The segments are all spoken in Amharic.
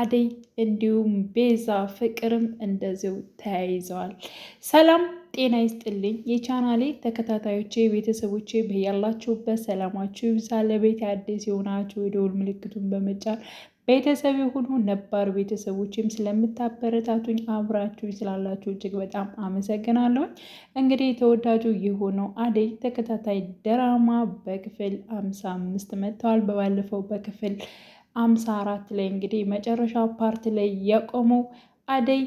አደይ እንዲሁም ቤዛ ፍቅርም እንደዚው ተያይዘዋል። ሰላም ጤና ይስጥልኝ የቻናሌ ተከታታዮቼ ቤተሰቦቼ በያላችሁበት ሰላማችሁ ይብዛ። ለቤት አዲስ የሆናችሁ የደውል ምልክቱን በመጫን ቤተሰብ የሆኑ ነባር ቤተሰቦችም ስለምታበረታቱኝ አብራችሁ ስላላችሁ እጅግ በጣም አመሰግናለሁኝ። እንግዲህ ተወዳጁ የሆነው አደይ ተከታታይ ድራማ በክፍል አምሳ አምስት መጥተዋል። በባለፈው በክፍል አምሳ አራት ላይ እንግዲህ መጨረሻ ፓርት ላይ የቆመው አደይ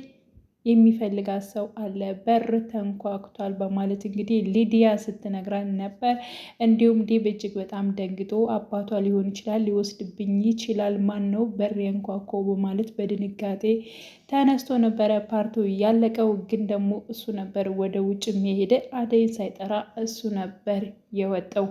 የሚፈልጋት ሰው አለ በር ተንኳክቷል በማለት እንግዲህ ሊዲያ ስትነግራን ነበር። እንዲሁም ዲብ እጅግ በጣም ደንግጦ አባቷ ሊሆን ይችላል ሊወስድብኝ ይችላል ማን ነው በር ያንኳኮ በማለት በድንጋጤ ተነስቶ ነበረ ፓርቱ ያለቀው። ግን ደግሞ እሱ ነበር ወደ ውጭም የሄደ አደይን ሳይጠራ እሱ ነበር የወጣው።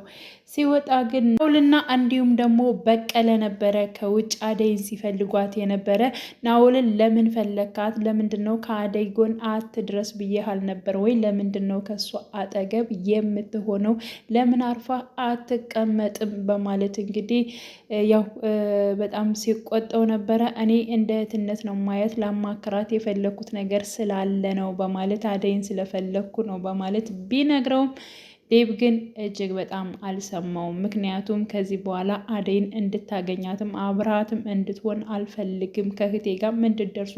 ሲወጣ ግን ናውልና እንዲሁም ደግሞ በቀለ ነበረ ከውጭ አደይን ሲፈልጓት የነበረ። ናውልን ለምን ፈለካት? ለምንድን ነው ከአደይ ጎን አትድረስ ብዬሃል ነበር ወይ? ለምንድን ነው ከእሱ አጠገብ የምትሆነው? ለምን አርፋ አትቀመጥም? በማለት እንግዲህ ያው በጣም ሲቆጠው ነበረ። እኔ እንደ እህትነት ነው ማየት ለማ ለማከራት የፈለግኩት ነገር ስላለ ነው በማለት አደይን ስለፈለግኩ ነው በማለት ቢነግረውም ዴብ ግን እጅግ በጣም አልሰማውም። ምክንያቱም ከዚህ በኋላ አደይን እንድታገኛትም አብርሃትም እንድትሆን አልፈልግም፣ ከህቴ ጋር እንድትደርሱ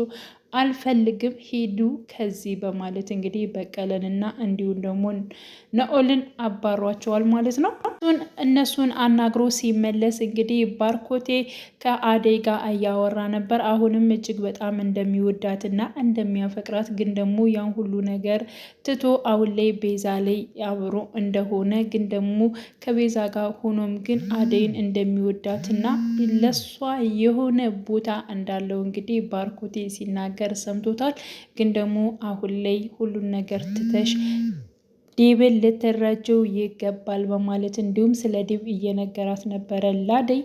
አልፈልግም ሂዱ ከዚህ በማለት እንግዲህ በቀለንና እንዲሁም ደግሞ ነኦልን አባሯቸዋል ማለት ነው። እነሱን አናግሮ ሲመለስ እንግዲህ ባርኮቴ ከአደይ ጋር እያወራ ነበር። አሁንም እጅግ በጣም እንደሚወዳትና እንደሚያፈቅራት ግን ደግሞ ያን ሁሉ ነገር ትቶ አሁን ላይ ቤዛ ላይ አብሮ እንደሆነ ግን ደግሞ ከቤዛ ጋር ሆኖም ግን አደይን እንደሚወዳትና ለሷ የሆነ ቦታ እንዳለው እንግዲህ ባርኮቴ ሲናገር ነገር ሰምቶታል። ግን ደግሞ አሁን ላይ ሁሉን ነገር ትተሽ ዲብን ልትረጅው ይገባል በማለት እንዲሁም ስለ ዲብ እየነገራት ነበረ። ላደይ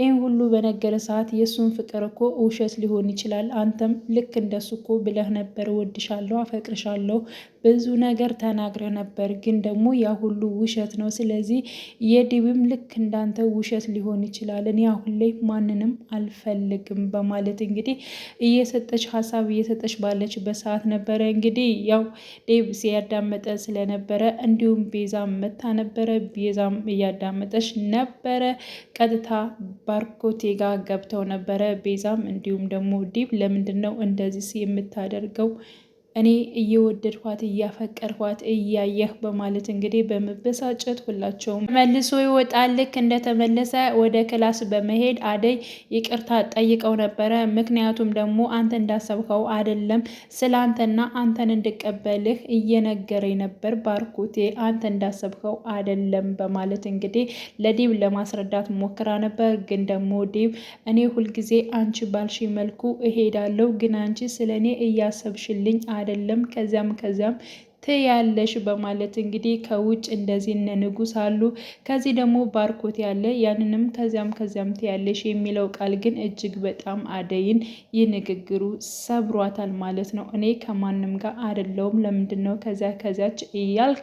ይህን ሁሉ በነገረ ሰዓት የእሱን ፍቅር እኮ ውሸት ሊሆን ይችላል፣ አንተም ልክ እንደሱ እኮ ብለህ ነበር፣ ወድሻለሁ፣ አፈቅርሻለሁ ብዙ ነገር ተናግረ ነበር፣ ግን ደግሞ ያ ሁሉ ውሸት ነው። ስለዚህ የዲብም ልክ እንዳንተ ውሸት ሊሆን ይችላል። እኔ አሁን ላይ ማንንም አልፈልግም በማለት እንግዲህ እየሰጠች ሀሳብ እየሰጠች ባለችበት ሰዓት ነበረ እንግዲህ ያው ዴብ ሲያዳመጠ ስለነበር ነበረ። እንዲሁም ቤዛም መታ ነበረ። ቤዛም እያዳመጠች ነበረ። ቀጥታ ባርኮቴ ጋ ገብተው ነበረ። ቤዛም እንዲሁም ደግሞ ዲብ ለምንድን ነው እንደዚህ የምታደርገው እኔ እየወደድኳት እያፈቀርኳት እያየህ በማለት እንግዲህ በመበሳጨት ሁላቸውም መልሶ ይወጣል። ልክ እንደተመለሰ ወደ ክላስ በመሄድ አደይ ይቅርታ ጠይቀው ነበረ። ምክንያቱም ደግሞ አንተ እንዳሰብከው አይደለም፣ ስለ አንተና አንተን እንድቀበልህ እየነገረኝ ነበር ባርኮቴ፣ አንተ እንዳሰብከው አይደለም በማለት እንግዲህ ለዲብ ለማስረዳት ሞክራ ነበር። ግን ደግሞ ዲብ እኔ ሁልጊዜ አንቺ ባልሽ መልኩ እሄዳለሁ፣ ግን አንቺ ስለ እኔ እያሰብሽልኝ አይደለም። ከዚያም ከዚያም ትያለሽ በማለት እንግዲህ ከውጭ እንደዚህ እነ ንጉስ አሉ፣ ከዚህ ደግሞ ባርኮት ያለ ያንንም ከዚያም ከዚያም ትያለሽ የሚለው ቃል ግን እጅግ በጣም አደይን ይህ ንግግሩ ሰብሯታል ማለት ነው። እኔ ከማንም ጋር አደለውም። ለምንድን ነው ከዚያ ከዚያች እያልክ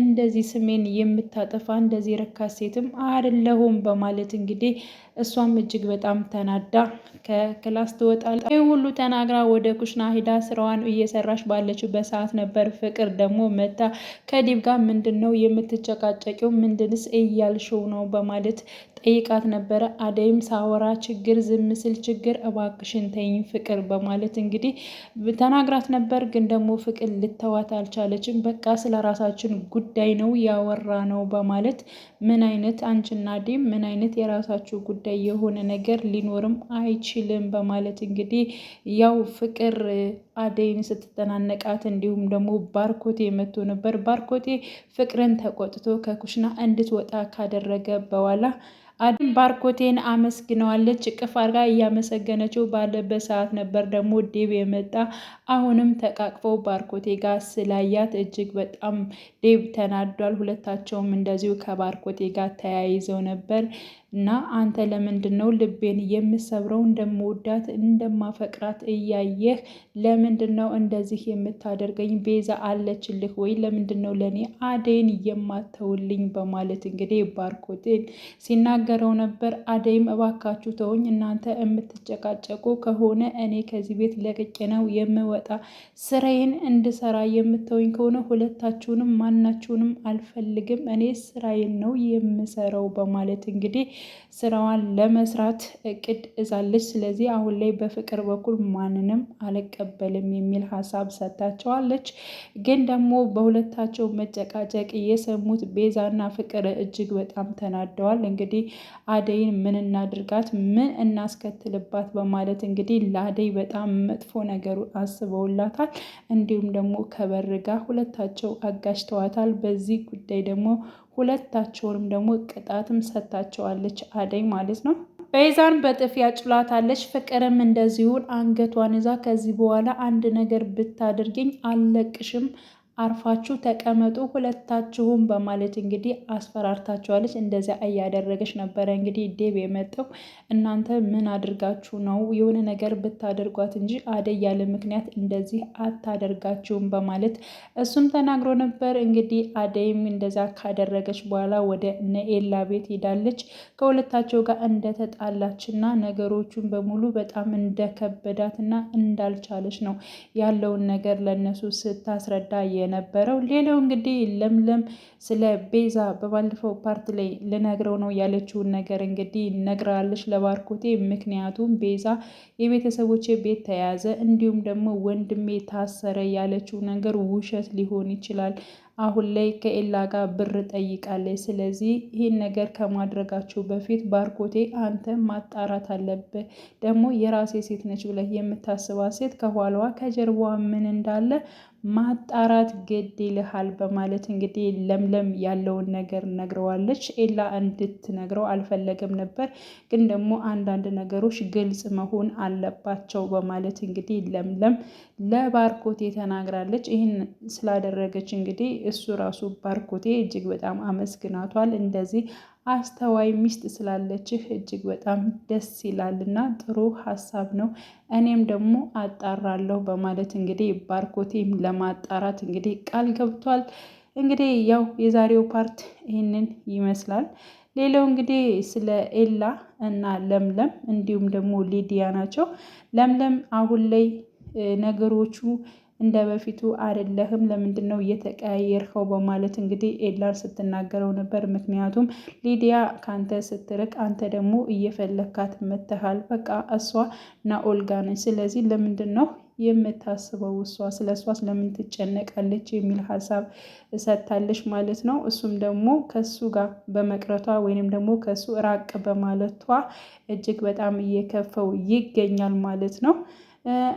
እንደዚህ ስሜን የምታጠፋ እንደዚህ ረካ ሴትም አደለሁም በማለት እንግዲህ እሷም እጅግ በጣም ተናዳ ከክላስ ትወጣል። ይህ ሁሉ ተናግራ ወደ ኩሽና ሂዳ ስራዋን እየሰራች ባለችው በሰዓት ነበር ፍቅር ደግሞ መታ ከዲብ ጋር ምንድን ነው የምትጨቃጨቂው? ምንድንስ እያልሽው ነው? በማለት ጠይቃት ነበረ። አደይም ሳወራ ችግር ዝም ስል ችግር እባክሽን ተይኝ ፍቅር በማለት እንግዲህ ተናግራት ነበር። ግን ደግሞ ፍቅር ልተዋት አልቻለችም። በቃ ስለ ራሳችን ጉዳይ ነው ያወራ ነው በማለት ምን አይነት አንቺና አደይ ምን አይነት የራሳችሁ ጉዳይ የሆነ ነገር ሊኖርም አይችልም በማለት እንግዲህ ያው ፍቅር አደይን ስትጠናነቃት እንዲሁም ደግሞ ባርኮቴ መቶ ነበር። ባርኮቴ ፍቅርን ተቆጥቶ ከኩሽና እንድትወጣ ካደረገ በኋላ አደይም ባርኮቴን አመስግነዋለች። ቅፍ አድርጋ እያመሰገነችው ባለበት ሰዓት ነበር ደግሞ ዴብ የመጣ አሁንም ተቃቅፈው ባርኮቴ ጋር ስላያት እጅግ በጣም ዴብ ተናዷል። ሁለታቸውም እንደዚሁ ከባርኮቴ ጋር ተያይዘው ነበር እና አንተ ለምንድን ነው ልቤን የምሰብረው? እንደምወዳት እንደማፈቅራት እያየህ ለምንድን ነው እንደዚህ የምታደርገኝ? ቤዛ አለችልህ ወይ? ለምንድን ነው ለእኔ አደይን የማተውልኝ? በማለት እንግዲህ ባርኮቴ ሲናገረው ነበር። አደይም እባካችሁ ተውኝ እናንተ የምትጨቃጨቁ ከሆነ እኔ ከዚህ ቤት ለቅቄ ነው የምወ እንድወጣ ስራዬን እንድሰራ የምተወኝ ከሆነ ሁለታችሁንም ማናችሁንም አልፈልግም፣ እኔ ስራዬን ነው የምሰራው በማለት እንግዲህ ስራዋን ለመስራት እቅድ እዛለች። ስለዚህ አሁን ላይ በፍቅር በኩል ማንንም አልቀበልም የሚል ሀሳብ ሰጥታቸዋለች። ግን ደግሞ በሁለታቸው መጨቃጨቅ የሰሙት ቤዛና ፍቅር እጅግ በጣም ተናደዋል። እንግዲህ አደይን ምን እናድርጋት፣ ምን እናስከትልባት በማለት እንግዲህ ለአደይ በጣም መጥፎ ነገሩ አስብ አስበውላታል። እንዲሁም ደግሞ ከበር ጋር ሁለታቸው አጋጭተዋታል። በዚህ ጉዳይ ደግሞ ሁለታቸውንም ደግሞ ቅጣትም ሰጥታቸዋለች አደይ ማለት ነው። በይዛን በጥፊ ያጭላታለች። ፍቅርም እንደዚሁን አንገቷን ይዛ ከዚህ በኋላ አንድ ነገር ብታደርገኝ አልለቅሽም አርፋችሁ ተቀመጡ ሁለታችሁም በማለት እንግዲህ አስፈራርታችኋለች። እንደዚያ እያደረገች ነበረ እንግዲህ ዴብ የመጣው እናንተ ምን አድርጋችሁ ነው? የሆነ ነገር ብታደርጓት እንጂ አደይ ያለ ምክንያት እንደዚህ አታደርጋችሁም በማለት እሱም ተናግሮ ነበር። እንግዲህ አደይም እንደዚያ ካደረገች በኋላ ወደ ነኤላ ቤት ሄዳለች። ከሁለታቸው ጋር እንደተጣላች ነገሮቹን በሙሉ በጣም እንደከበዳት እንዳልቻለች ነው ያለውን ነገር ለእነሱ ስታስረዳ የነበረው። ሌላው እንግዲህ ለምለም ስለ ቤዛ በባለፈው ፓርት ላይ ልነግረው ነው ያለችውን ነገር እንግዲህ ነግራለች ለባርኮቴ። ምክንያቱም ቤዛ የቤተሰቦች ቤት ተያዘ፣ እንዲሁም ደግሞ ወንድሜ ታሰረ ያለችው ነገር ውሸት ሊሆን ይችላል። አሁን ላይ ከኤላ ጋር ብር ጠይቃለች። ስለዚህ ይህን ነገር ከማድረጋችሁ በፊት ባርኮቴ አንተ ማጣራት አለብህ። ደግሞ የራሴ ሴት ነች ብለህ የምታስባት ሴት ከኋላዋ ከጀርባዋ ምን እንዳለ ማጣራት ግድ ይልሃል በማለት እንግዲህ ለምለም ያለውን ነገር ነግረዋለች። ኤላ እንድትነግረው አልፈለገም ነበር፣ ግን ደግሞ አንዳንድ ነገሮች ግልጽ መሆን አለባቸው በማለት እንግዲህ ለምለም ለባርኮቴ ተናግራለች። ይህን ስላደረገች እንግዲህ እሱ ራሱ ባርኮቴ እጅግ በጣም አመስግናቷል። እንደዚህ አስተዋይ ሚስት ስላለችህ እጅግ በጣም ደስ ይላል እና ጥሩ ሀሳብ ነው። እኔም ደግሞ አጣራለሁ በማለት እንግዲህ ባርኮቴም ለማጣራት እንግዲህ ቃል ገብቷል። እንግዲህ ያው የዛሬው ፓርት ይህንን ይመስላል። ሌላው እንግዲህ ስለ ኤላ እና ለምለም እንዲሁም ደግሞ ሊዲያ ናቸው። ለምለም አሁን ላይ ነገሮቹ እንደ በፊቱ አይደለህም፣ ለምንድን ነው እየተቀያየርከው? በማለት እንግዲህ ኤላር ስትናገረው ነበር። ምክንያቱም ሊዲያ ካንተ ስትርቅ አንተ ደግሞ እየፈለግካት መተሃል። በቃ እሷ እና ኦልጋ ነች። ስለዚህ ለምንድን ነው የምታስበው እሷ ስለ እሷ ስለምን ትጨነቃለች? የሚል ሀሳብ ሰጥታለች ማለት ነው። እሱም ደግሞ ከሱ ጋር በመቅረቷ ወይንም ደግሞ ከሱ ራቅ በማለቷ እጅግ በጣም እየከፈው ይገኛል ማለት ነው።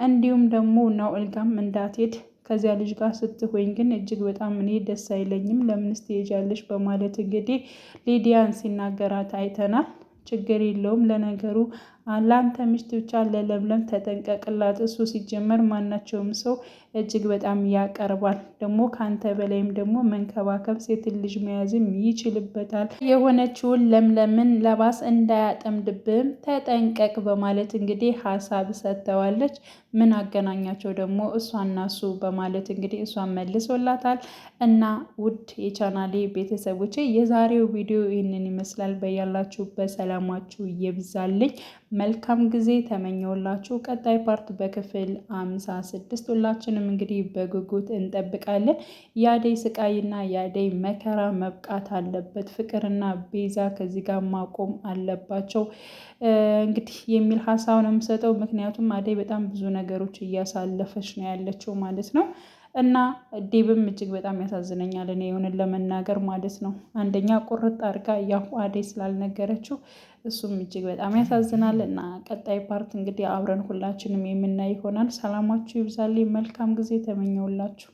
እንዲሁም ደግሞ ናኦል ጋም እንዳትሄድ ከዚያ ልጅ ጋር ስትሆኝ ግን እጅግ በጣም እኔ ደስ አይለኝም፣ ለምንስ ትሄጃለሽ? በማለት እንግዲህ ሊዲያን ሲናገራት አይተናል። ችግር የለውም ለነገሩ ለአንተ ሚስት ብቻ ለለምለም ተጠንቀቅላት። እሱ ሲጀመር ማናቸውም ሰው እጅግ በጣም ያቀርባል። ደግሞ ከአንተ በላይም ደግሞ መንከባከብ፣ ሴት ልጅ መያዝም ይችልበታል። የሆነችውን ለምለምን ለባስ እንዳያጠምድብም ተጠንቀቅ በማለት እንግዲህ ሀሳብ ሰጥተዋለች። ምን አገናኛቸው ደግሞ እሷና እሱ በማለት እንግዲህ እሷን መልሶላታል። እና ውድ የቻናሌ ቤተሰቦች የዛሬው ቪዲዮ ይህንን ይመስላል። በያላችሁ ሰላማችሁ ይብዛልኝ። መልካም ጊዜ ተመኘውላችሁ። ቀጣይ ፓርት በክፍል አምሳ ስድስት ሁላችንም እንግዲህ በጉጉት እንጠብቃለን። የአደይ ስቃይና የአደይ መከራ መብቃት አለበት። ፍቅርና ቤዛ ከዚህ ጋር ማቆም አለባቸው እንግዲህ የሚል ሀሳብ ነው የምሰጠው። ምክንያቱም አደይ በጣም ብዙ ነገሮች እያሳለፈች ነው ያለችው ማለት ነው። እና ዴብም እጅግ በጣም ያሳዝነኛል። እኔ የሆንን ለመናገር ማለት ነው አንደኛ ቁርጥ አድርጋ ያው አደይ ስላልነገረችው እሱም እጅግ በጣም ያሳዝናል። እና ቀጣይ ፓርት እንግዲህ አብረን ሁላችንም የምናይ ይሆናል። ሰላማችሁ ይብዛልኝ። መልካም ጊዜ ተመኘውላችሁ።